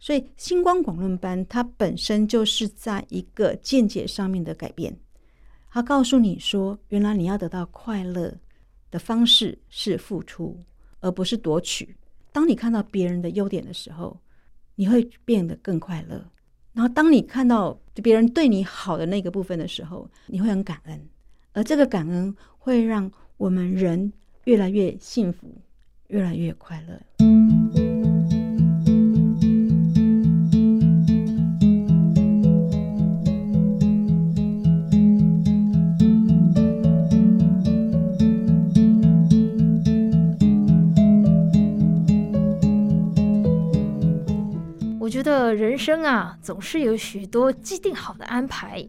所以，心光廣論班它本身就是在一個見解上面的改變。它告訴你說，原來你要得到快樂的方式是付出，而不是奪取。當你看到別人的優點的時候，你會變得更快樂；然後，當你看到別人對你好的那個部分的時候，你會很感恩。而這個感恩會讓我們人越來越幸福，越來越快樂。覺得人生啊，總是有許多既定好的安排。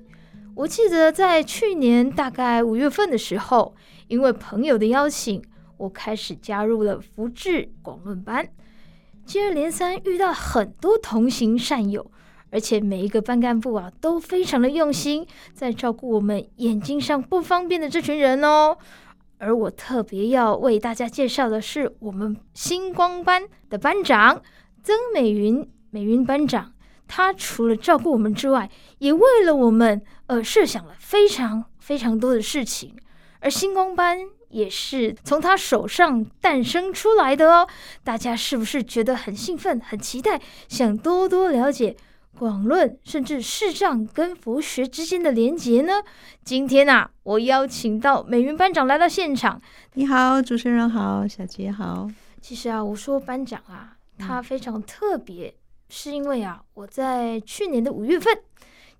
我記得在去年大概五月份的時候，因為朋友的邀請，我開始加入了福智廣論班。接二連三遇到很多同行善友，而且每一個班幹部啊，都非常的用心，在照顧我們眼睛上不方便的這群人哦。而我特別要為大家介紹的是，我們心光班的班長曾美雲。美雲班長，他除了照顧我們之外，也為了我們，呃，設想了非常非常多的事情。而心光班也是從他手上誕生出來的哦。大家是不是覺得很興奮、很期待，想多多了解廣論，甚至視障跟佛學之間的連結呢？今天啊，我邀請到美雲班長來到現場。你好，主持人好，小杰好。其實啊，我說班長啊，他非常特別。嗯是因為啊，我在去年的五月份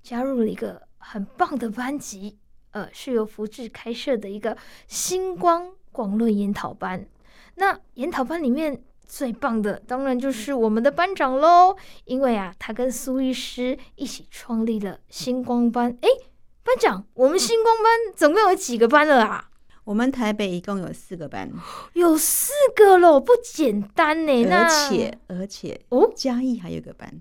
加入了一個很棒的班級，呃，是由福智開設的一個心光廣論研討班。那研討班裡面最棒的當然就是我們的班長嘍，因為啊，他跟蘇醫師一起創立了心光班。誒，班長，我們心光班總共有幾個班了啊？我們台北一共有四個班，有四個咯。不簡單呢！而且，而且，哦，嘉義還有一個班，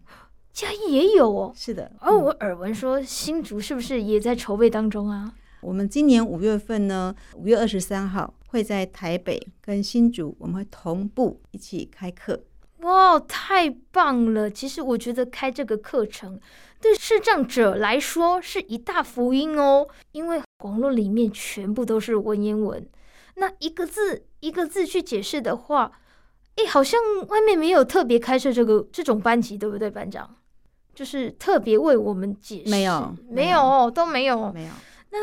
嘉義也有哦。是的，而我耳聞說新竹是不是也在籌備當中啊？我們今年五月份呢，五月二十三號會在台北跟新竹，我們會同步一起開課。哇，太棒了！其實我覺得開這個課程對視障者來說是一大福音哦，因為廣論裡面全部都是文言文，那一個字一個字去解釋的話，哎，好像外面沒有特別開設這個這種班級，對不對，班長？就是特別為我們解釋，沒有，沒有，都沒有，沒有。那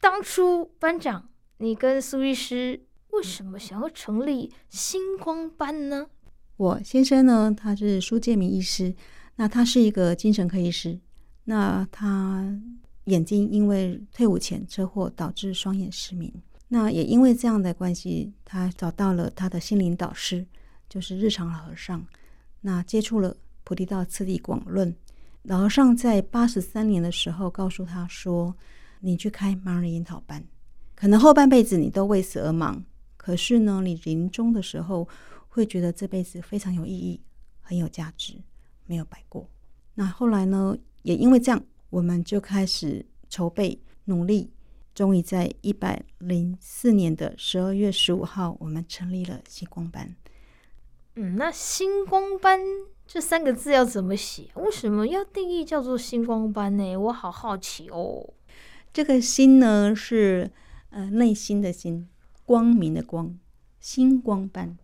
當初班長，你跟蘇醫師為什麼想要成立心光班呢？我先生呢，他是蘇建銘醫師，那他是一個精神科醫師，那他眼睛因為退伍前車禍導致雙眼失明，那也因為這樣的關係，他找到了他的心靈導師，就是日常老和尚，那接觸了菩提道次第廣論，老和尚在八十三年的時候告訴他說：“你去開盲人研討班，可能後半輩子你都為此而忙，可是呢，你臨終的時候。”會覺得這輩子非常有意義，很有價值，沒有白過。那後來呢，也因為這樣，我們就開始籌備努力，終於在一百零四年的十二月十五號，我們成立了心光班。嗯，那“心光班”這三個字要怎麼寫？為什麼要定義叫做“心光班”呢？我好好奇哦。這個“心”呢，是呃內心的“心”，光明的“光”，心光班。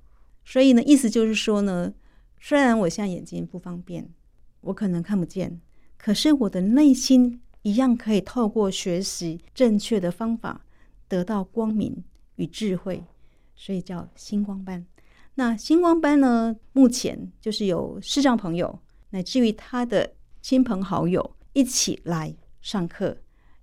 所以呢，意思就是說呢，雖然我現在眼睛不方便，我可能看不見，可是我的內心一樣可以透過學習正確的方法，得到光明與智慧，所以叫心光班。那心光班呢，目前就是有視障朋友，乃至於他的親朋好友一起來上課，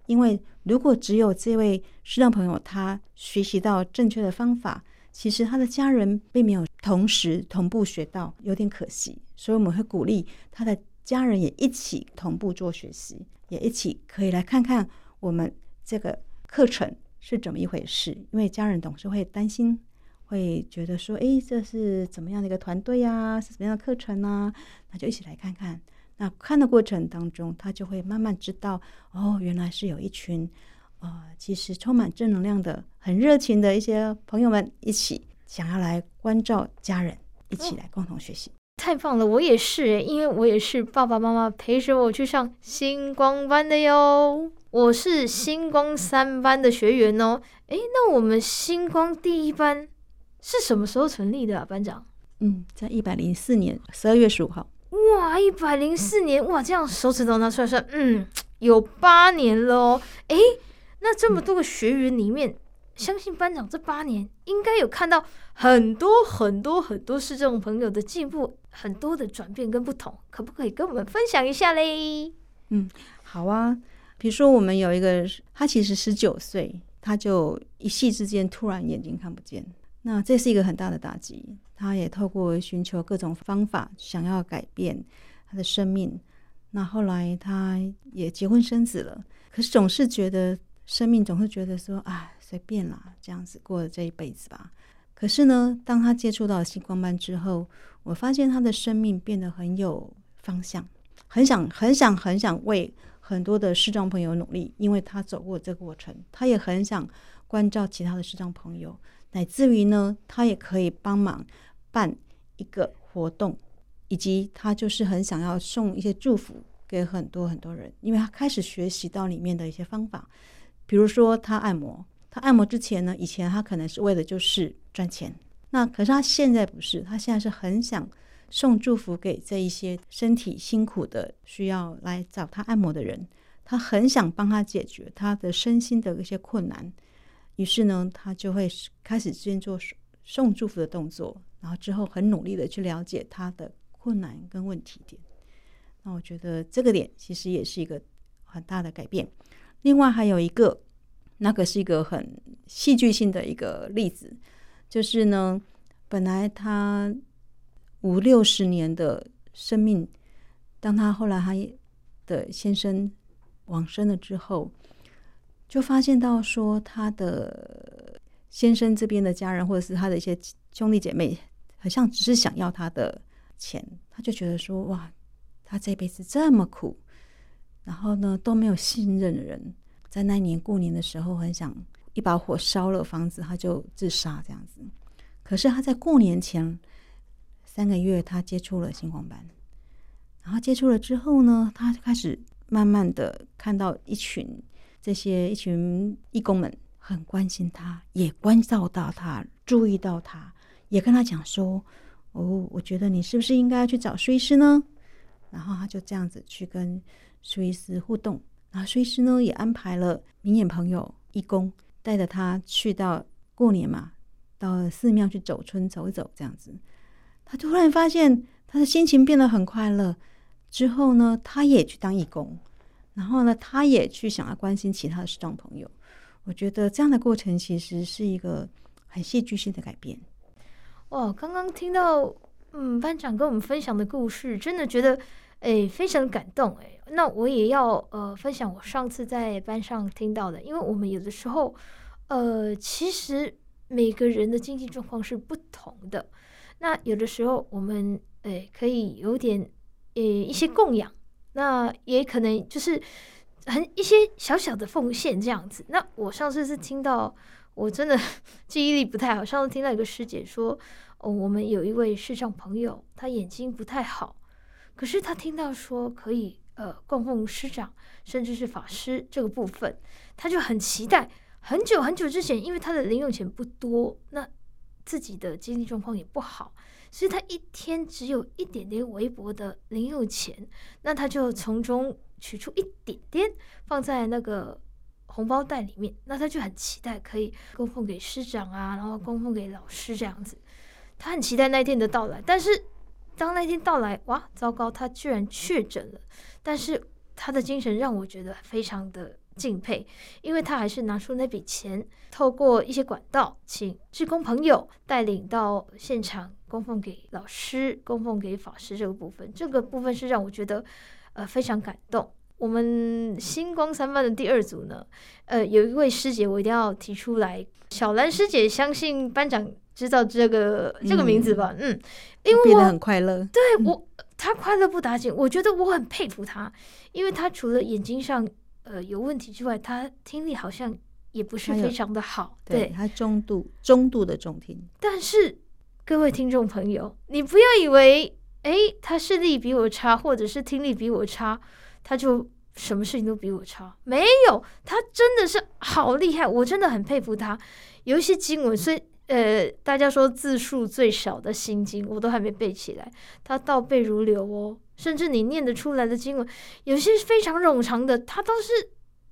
因為如果只有這位視障朋友他學習到正確的方法。其實他的家人並沒有同時同步學到，有點可惜。所以我們會鼓勵他的家人也一起同步做學習，也一起可以來看看我們這個課程是怎麼一回事。因為家人總是會擔心，會覺得說：“哎，這是怎麼樣的一個團隊呀？是怎麼樣的課程啊？”那就一起來看看。那看的過程當中，他就會慢慢知道哦，原來是有一群。啊、呃，其實充滿正能量的，很熱情的一些朋友們一起想要來關照家人，一起來共同學習，嗯、太棒了！我也是耶，因為我也是爸爸媽媽陪着我去上心光班的喲。我是心光三班的學員哦。哎，那我們心光第一班是什麼時候成立的啊？班長，嗯，在一百零四年十二月十五號。哇，一百零四年哇，這樣手指頭拿出來算，嗯，有八年嘍。哎。那這麼多個學員裡面，嗯、相信班長這八年應該有看到很多很多很多視障朋友的進步，很多的轉變跟不同，可不可以跟我們分享一下嘞？嗯，好啊。比如說我們有一個，他其實十九歲，他就一夕之間突然眼睛看不見，那這是一個很大的打擊。他也透過尋求各種方法，想要改變他的生命。那後來他也結婚生子了，可是總是覺得。生命總是覺得說，啊，隨便啦，這樣子過了這一輩子吧。可是呢，當他接觸到心光班之後，我發現他的生命變得很有方向，很想很想很想為很多的視障朋友努力，因為他走過這個過程，他也很想關照其他的視障朋友，乃至於呢，他也可以幫忙辦一個活動，以及他就是很想要送一些祝福給很多很多人，因為他開始學習到裡面的一些方法。比如說，他按摩，他按摩之前呢，以前他可能是為了就是賺錢。那可是他現在不是，他現在是很想送祝福給這一些身體辛苦的、需要來找他按摩的人。他很想幫他解決他的身心的一些困難，於是呢，他就會開始先做送祝福的動作，然後之後很努力的去了解他的困難跟問題點。那我覺得這個點其實也是一個很大的改變。另外還有一個，那個是一個很戲劇性的一個例子，就是呢，本來他五六十年的生命，當他後來他的先生往生了之後，就發現到說他的先生這邊的家人或者是他的一些兄弟姐妹，好像只是想要他的錢，他就覺得說哇，他這輩子這麼苦。然後呢，都沒有信任的人。在那一年過年的時候，很想一把火燒了房子，他就自殺這樣子。可是他在過年前三個月，他接觸了心光班，然後接觸了之後呢，他就開始慢慢的看到一群這些一群義工們很關心他，也關照到他，注意到他，也跟他講說：“哦，我覺得你是不是應該去找蘇醫師呢？”然後他就這樣子去跟。隨時互動，然後隨時呢也安排了明眼朋友義工，帶着他去，到過年嘛，到寺廟去走春走一走這樣子。他突然發現他的心情變得很快樂，之後呢他也去當義工，然後呢他也去想要關心其他的視障朋友。我覺得這樣的過程其實是一個很戲劇性的改變。哇，剛剛聽到嗯班長跟我們分享的故事，真的覺得。哎，非常感動哎！那我也要呃分享我上次在班上聽到的，因為我們有的時候呃，其實每個人的經濟狀況是不同的。那有的時候我們誒可以有點呃一些供養，那也可能就是很一些小小的奉獻這樣子。那我上次是聽到，我真的記憶力不太好，上次聽到一個師姐說哦，我們有一位視障朋友，他眼睛不太好。可是他聽到說可以呃供奉師長，甚至是法師這個部分，他就很期待。很久很久之前，因為他的零用錢不多，那自己的經濟狀況也不好，所以他一天只有一點點微薄的零用錢，那他就從中取出一點點放在那個紅包袋裡面。那他就很期待可以供奉給師長啊，然後供奉給老師這樣子，他很期待那一天的到來，但是。當那一天到來，哇，糟糕，他居然確診了。但是他的精神讓我覺得非常的敬佩，因為他還是拿出那筆錢，透過一些管道，請志工朋友帶領到現場供奉給老師、供奉給法師這個部分，這個部分是讓我覺得呃非常感動。我們心光三班的第二組呢，呃，有一位師姐，我一定要提出來，小蘭師姐，相信班長。知道這個、嗯、這個名字吧？嗯，因為我很快樂。對我，他快樂不打緊。我覺得我很佩服他，因為他除了眼睛上呃有問題之外，他聽力好像也不是非常的好。他對,對他中度中度的重聽。但是各位聽眾朋友，你不要以為誒、欸，他視力比我差，或者是聽力比我差，他就什麼事情都比我差。沒有，他真的是好厲害，我真的很佩服他。有一些經文，嗯、所以。呃，大家說字數最少的心經，我都還沒背起來。他倒背如流哦，甚至你念得出來的經文，有些非常冗長的，他都是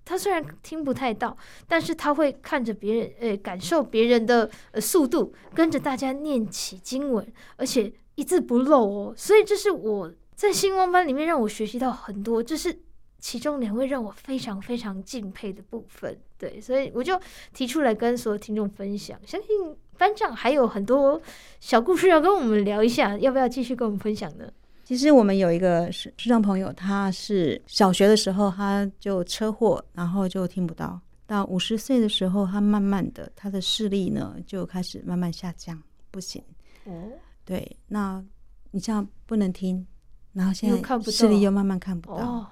他雖然聽不太到，但是他會看着別人，呃，感受別人的呃速度，跟着大家念起經文，而且一字不漏哦。所以，這是我在心光班裡面讓我學習到很多，這是其中兩位讓我非常非常敬佩的部分。對，所以我就提出來跟所有聽眾分享，相信。班長還有很多小故事要跟我們聊一下，要不要繼續跟我們分享呢？其實我們有一個視障朋友，他是小學的時候他就車禍，然後就聽不到。到五十歲的時候，他慢慢的他的視力呢就開始慢慢下降，不行。哦、嗯，對，那你這樣不能聽，然後現在視力又慢慢看不到，看不到，哦，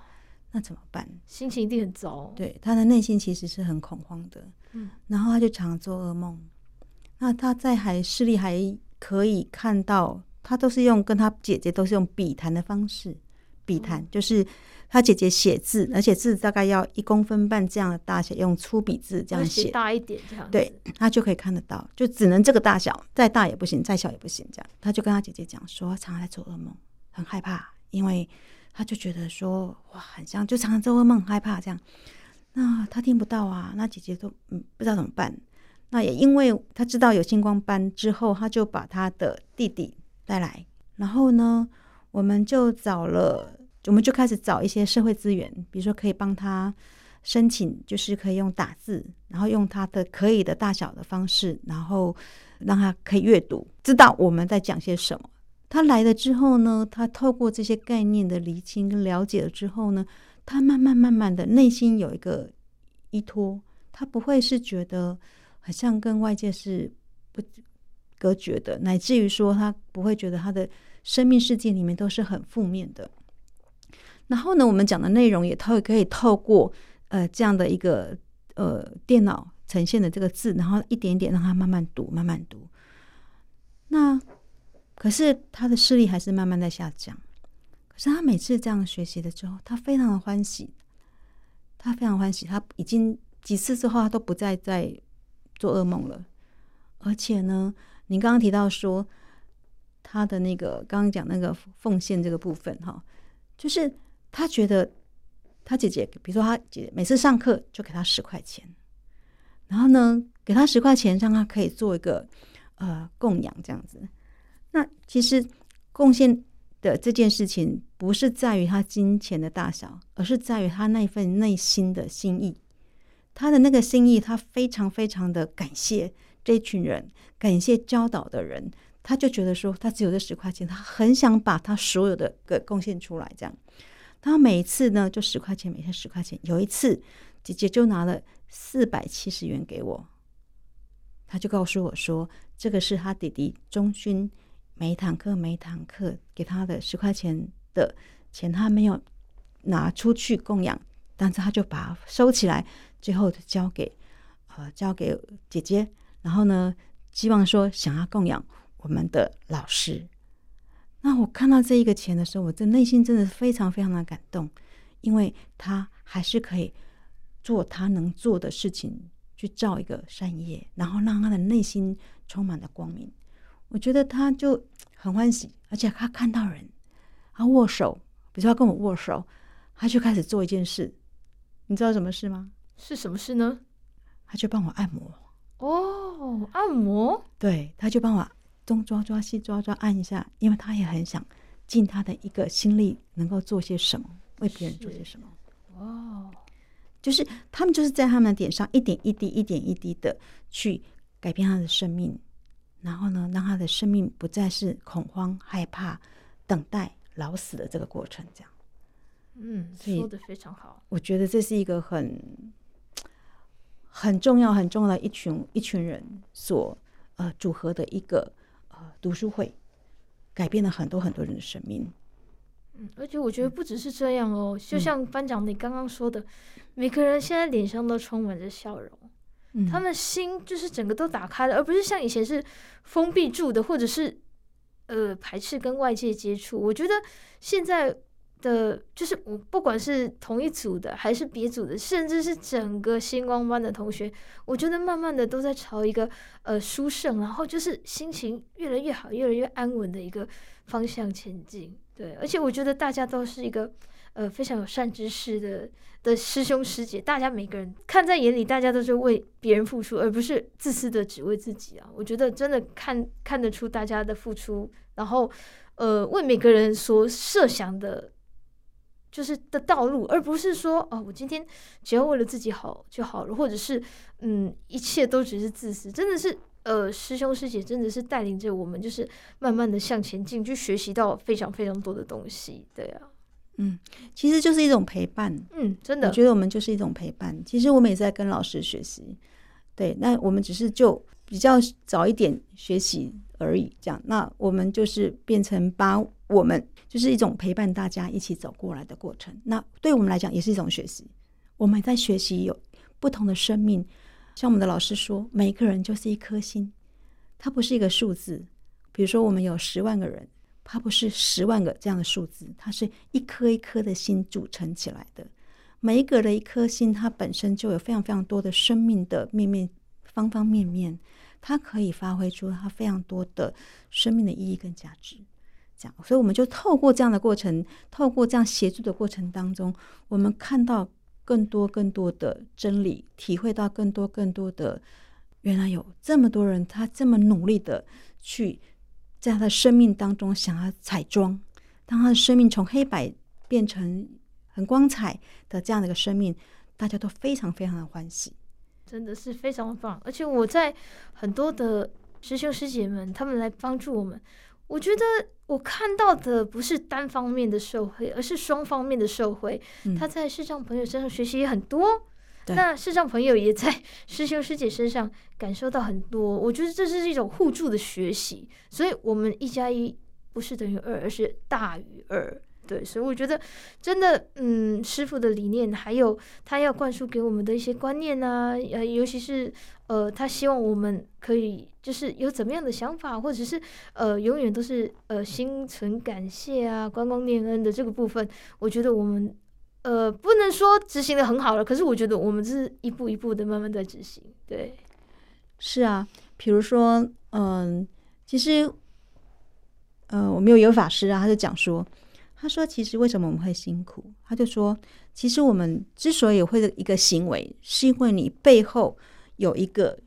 那怎麼辦？心情一定很糟。對，他的內心其實是很恐慌的。嗯，然後他就常做噩夢。那他在海視力還可以看到，他都是用跟他姐姐都是用筆談的方式，筆談、嗯、就是他姐姐寫字、嗯，而且字大概要一公分半這樣的大小，用粗筆字這樣寫大一點這樣，對，他就可以看得到，就只能這個大小，再大也不行，再小也不行這樣。他就跟他姐姐講說，常常在做噩夢，很害怕，因為他就覺得說哇，很像就常常做噩夢，很害怕這樣。那他聽不到啊，那姐姐都嗯不知道怎麼辦。那也因為他知道有心光班之後，他就把他的弟弟帶來。然後呢，我們就找了，我們就開始找一些社會資源，比如說可以幫他申請，就是可以用打字，然後用他的可以的大小的方式，然後讓他可以閱讀，知道我們在講些什麼。他來了之後呢，他透過這些概念的釐清跟了解了之後呢，他慢慢慢慢的內心有一個依托，他不會是覺得。好像跟外界是不隔絕的，乃至於說他不會覺得他的生命世界裡面都是很負面的。然後呢，我們講的內容也透可以透過呃這樣的一個呃電腦呈現的這個字，然後一點一點讓他慢慢讀，慢慢讀。那可是他的視力還是慢慢在下降。可是他每次這樣學習的時候，他非常的歡喜，他非常歡喜。他已經幾次之後，他都不再在。做噩夢了，而且呢，你剛剛提到說他的那個剛剛講那個奉獻這個部分哈，就是他覺得他姐姐，比如說他姐姐每次上課就給他十塊錢，然後呢，給他十塊錢，讓他可以做一個呃供養這樣子。那其實貢獻的這件事情，不是在於他金錢的大小，而是在於他那份內心的心意。他的那個心意，他非常非常的感謝這群人，感謝教導的人，他就覺得說，他只有這十塊錢，他很想把他所有的給貢獻出來。這樣，他每一次呢，就十塊錢，每天十塊錢。有一次，姐姐就拿了四百七十元給我，他就告訴我說，這個是他弟弟中軍，每一堂課每一堂課給他的十塊錢的錢，他沒有拿出去供養。但是他就把他收起來，最後就交給呃交給姐姐，然後呢，希望說想要供養我們的老師。那我看到這一個錢的時候，我的內心真的是非常非常的感動，因為他還是可以做他能做的事情，去造一個善業，然後讓他的內心充滿了光明。我覺得他就很歡喜，而且他看到人，他握手，比如說他跟我握手，他就開始做一件事。你知道什麼事嗎？是什麼事呢？他就幫我按摩。哦、Oh，按摩。對，他就幫我東抓抓、西抓抓，按一下，因為他也很想盡他的一個心力，能夠做些什麼，為別人做些什麼。哦，oh. 就是他們就是在他們的點上一點一滴、一點一滴的去改變他的生命，然後呢，讓他的生命不再是恐慌、害怕、等待、老死的這個過程，這樣。嗯，說的非常好。我覺得這是一個很很重要、很重要的一群一群人所呃組合的一個呃讀書會，改變了很多很多人的生命。嗯，而且我覺得不只是這樣哦，嗯、就像班長你剛剛說的、嗯，每個人現在臉上都充滿着笑容、嗯，他們心就是整個都打開了，而不是像以前是封閉住的，或者是呃排斥跟外界接觸。我覺得現在。的就是我，不管是同一組的，還是別組的，甚至是整個心光班的同學，我覺得慢慢的都在朝一個呃，殊勝，然後就是心情越來越好，越來越安穩的一個方向前進。對，而且我覺得大家都是一個呃，非常有善知識的的師兄師姐，大家每個人看在眼裡，大家都是為別人付出，而不是自私的只為自己啊。我覺得真的看看得出大家的付出，然後呃，為每個人所設想的。就是的道路，而不是說，哦，我今天只要為了自己好就好了，或者是嗯，一切都只是自私。真的是，呃，師兄師姐真的是帶領着我們，就是慢慢的向前進，去學習到非常非常多的東西。對啊，嗯，其實就是一種陪伴。嗯，真的，我覺得我們就是一種陪伴。其實我們也在跟老師學習。對，那我們只是就比較早一點學習而已，這樣，那我們就是變成把我們就是一種陪伴大家一起走過來的過程。那對我們來講也是一種學習。我們在學習有不同的生命，像我們的老師說，每一個人就是一顆心，它不是一個數字。比如說，我們有十萬個人，它不是十萬個這樣的數字，它是一顆一顆的心組成起來的。每一個人一顆心，它本身就有非常非常多的生命的面面方方面面。他可以發揮出他非常多的生命的意義跟價值，這樣，所以我們就透過這樣的過程，透過這樣協助的過程當中，我們看到更多更多的真理，體會到更多更多的，原來有這麼多人，他這麼努力的去在他的生命當中想要彩妝，當他的生命從黑白變成很光彩的這樣的一個生命，大家都非常非常的歡喜。真的是非常棒，而且我在很多的師兄師姐們他們來幫助我們，我覺得我看到的不是單方面的社會，而是雙方面的社會。嗯、他在視障朋友身上學習也很多，那視障朋友也在師兄師姐身上感受到很多。我覺得這是一種互助的學習，所以我們一加一不是等於二，而是大於二。對，所以我覺得真的，嗯，師父的理念，還有他要灌輸給我們的一些觀念啊，呃，尤其是呃，他希望我們可以就是有怎麼樣的想法，或者是呃，永遠都是呃，心存感謝啊，觀功念恩的這個部分，我覺得我們呃，不能說執行得很好了，可是我覺得我們是一步一步的慢慢在執行。對，是啊，比如說，嗯，其實，呃，我沒有有法師啊，他在講說。他說：“其實為什麼我們會辛苦？他就說，其實我們之所以會的一個行為，是因為你背後有一個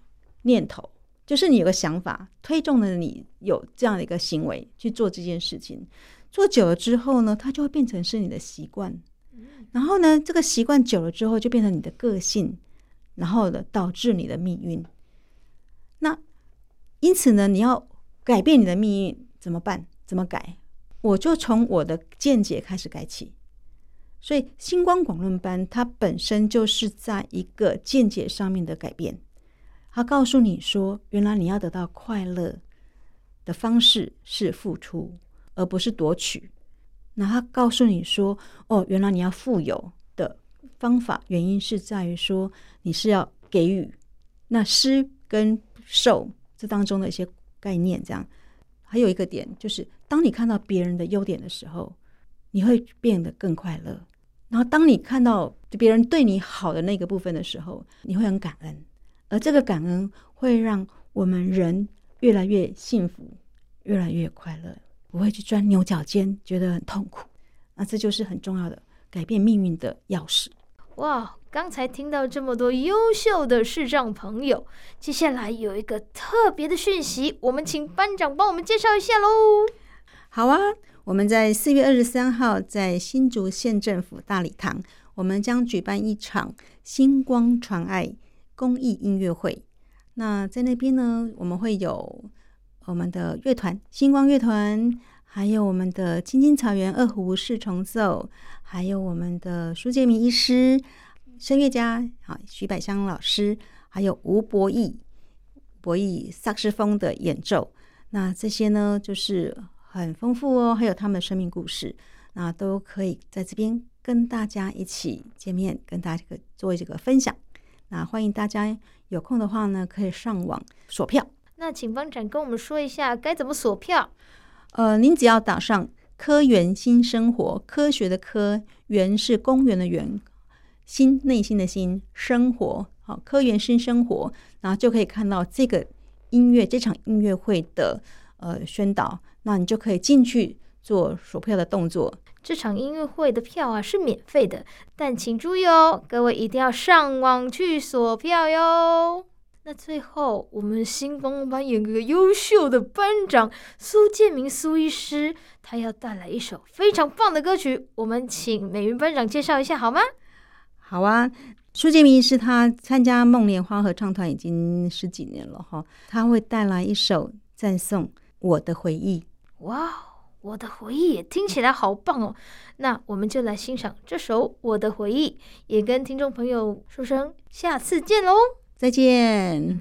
念頭，就是你有個想法，推動了你有這樣的一個行為去做這件事情。做久了之後呢，它就會變成是你的習慣。然後呢，這個習慣久了之後，就變成你的個性，然後呢，導致你的命運。那因此呢，你要改變你的命運，怎麼辦？怎麼改？”我就從我的見解開始改起，所以《心光廣論班》它本身就是在一個見解上面的改變。它告訴你說，原來你要得到快樂的方式是付出，而不是奪取。那它告訴你說，哦，原來你要富有的方法，原因是在於說你是要給予。那施跟受這當中的一些概念，這樣。還有一個點，就是當你看到別人的優點的時候，你會變得更快樂；然後當你看到別人對你好的那個部分的時候，你會很感恩，而這個感恩會讓我們人越來越幸福、越來越快樂，不會去鑽牛角尖，覺得很痛苦。那這就是很重要的改變命運的鑰匙。哇，剛才聽到這麼多優秀的視障朋友，接下來有一個特別的訊息，我們請班長幫我們介紹一下嘍。好啊，我們在四月二十三號在新竹縣政府大禮堂，我們將舉辦一場星光傳愛公益音樂會。那在那邊呢，我們會有我們的樂團——星光樂團。還有我們的青青草原二胡四重奏，還有我們的蘇建銘醫師、聲樂家，好，徐百香老師，還有吳博弈博弈薩克斯風的演奏。那這些呢，就是很豐富哦。還有他們生命故事，那都可以在這邊跟大家一起見面，跟大家、這個、做這個分享。那歡迎大家有空的話呢，可以上網索票。那請方展跟我們說一下該怎麼索票？呃，您只要打上“科園新生活”，科學的“科”，園是公園的園，心，內心的心，生活，好、哦，科園新生活，然後就可以看到這個音樂這場音樂會的呃宣導，那你就可以進去做索票的動作。這場音樂會的票啊是免費的，但請注意哦，各位一定要上網去索票喲！那最後，我們心光班有個優秀的班長蘇建銘蘇醫師，他要帶來一首非常棒的歌曲，我們請美云班長介紹一下好嗎？好啊，蘇建銘醫師他參加夢蓮花合唱團已經十幾年了哈，他會帶來一首《讚頌我的回憶》。哇，我的回憶也聽起來好棒哦！那我們就來欣賞這首《我的回憶》，也跟聽眾朋友說聲下次見嘍。再見。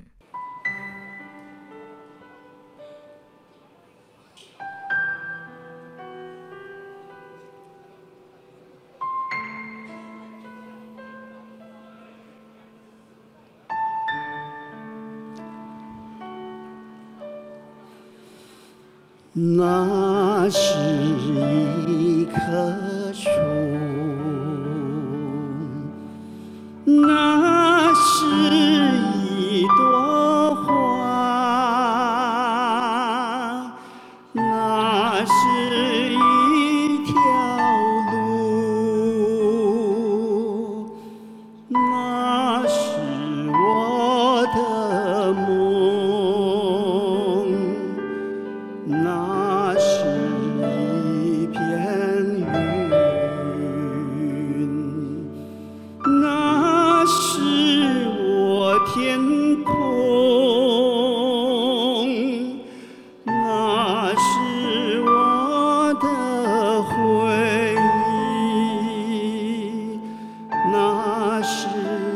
那是。那是。